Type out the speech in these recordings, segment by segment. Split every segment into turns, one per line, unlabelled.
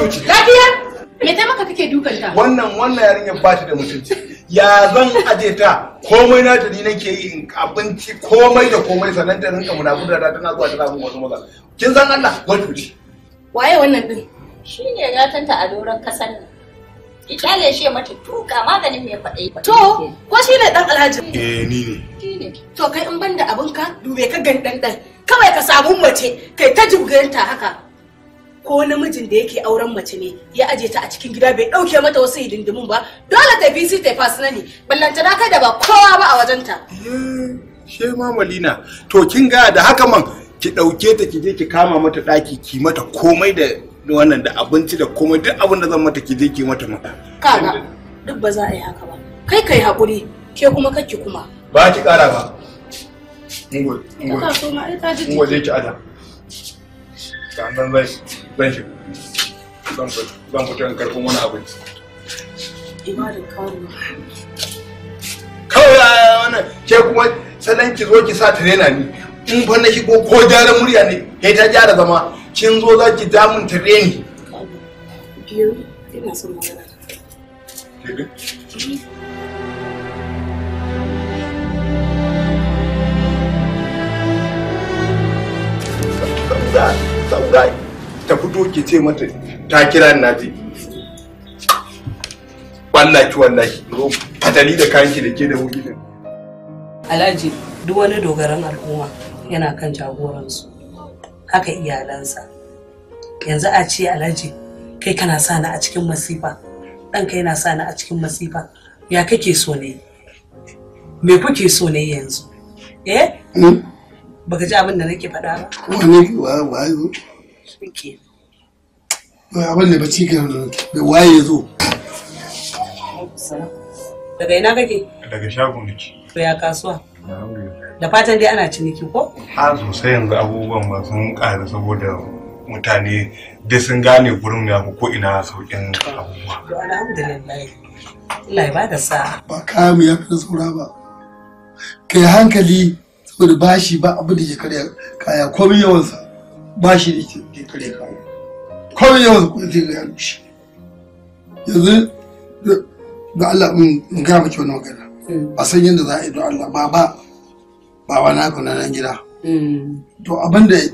zo lafiya me ta maka kake dukan ta wannan wannan yarinyar ba ta da mutunci ya zan aje ta komai na ta ni nake yi in abinci komai da komai sannan ta rinka munafurta ta tana zuwa tana mun wasu maza kin san Allah zo ki wuce waye wannan din shine gatanta a doron kasan nan Kyale shi mata tuka maganin mai faɗe. To, ko shi ne ɗan alhaji? Eh, ni ne. To, kai in banda da abinka dube ka gani ɗan ɗan. Kawai ka samu mace, kai ta jibganta haka. ko namijin da yake auren mace ne ya aje ta a cikin gida bai dauke mata wasu hidindimin ba dole ta bisi ta fasinali ballanta na kai da ba kowa ba a wajenta eh, she ma malina to kin ga da haka man ki dauke ta ki je ki kama mata daki ki mata komai da wannan da abinci da komai duk abin da zan mata ki je ki mata mata kaga duk ba za a yi haka ba kai kai hakuri ke kuma kake kuma ba ki kara ba ngol ngol
ingo je ki ada
zan shiga zan fita in karfin wani abinci
kawai a ah,
wannan ke kuma sanan ki zo ki sa tirena ni in fa na shigo ko gyara murya ne kai ta gyara zama kin zo za ki damun tireni biyu ina son magana Saudade, saudade. ta fito ki ce mata ta kira na je wallahi wallahi ro fatali da kanki da ke da hukumin
alhaji duk wani dogaran al'umma yana kan jagoransu haka iyalansa yanzu a ce alhaji kai kana sa ni a cikin masifa ɗanka yana sa ni a cikin masifa ya kake so ne me kuke so ne yanzu eh hmm? baka ji abin da nake faɗa ba ke abin da bacci ke da waye ya zo daga ina kake
daga shagon nake
to ya kasuwa da fatan dai ana ciniki ko
ha sosai yanzu abubuwan ba sun ƙara saboda mutane dai sun gane gurin ya ko ina sauƙin
abubuwa to alhamdulillah Allah ya ba da sa'a ba kayan ya fi saura ba kai hankali saboda bashi ba abin da ke karya kaya komai yawansa ba shi da ita da kare kawo kawai yawan kuɗi zai gaya mishi yanzu da Allah in gaya maki wani magana hmm. a san yadda za yi don Allah ba ba ba wani abu na nan gida hmm. to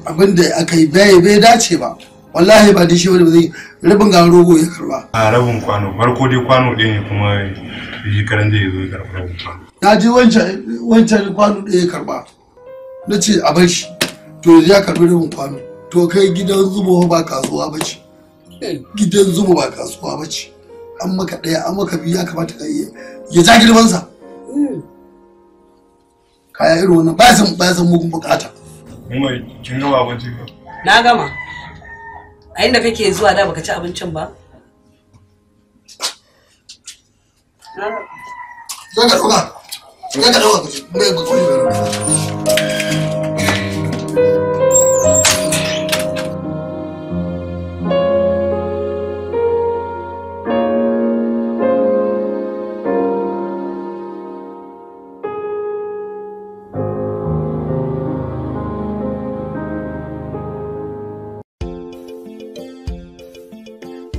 abin da aka yi bai bai dace ba wallahi ba da shi wani ba zai rabin ga rogo ya karba a
rabin kwano marko dai kwano ɗaya ne kuma yi karan da ya zo ya karba rabin kwano
na ji wancan kwano ɗaya ya karba na ce a bar shi to ya karbi rabin kwano to kai gidan zubo ba kasuwa ba gidan zubo ba kasuwa ba ce an maka ɗaya an maka biyu ya kamata ka yi ya ja girmansa kaya irin wannan ba san ba san mugun bukata mai kin gama abinci na gama a inda kake zuwa da baka ci abincin ba Zaka ɗauka, ɗauka, mai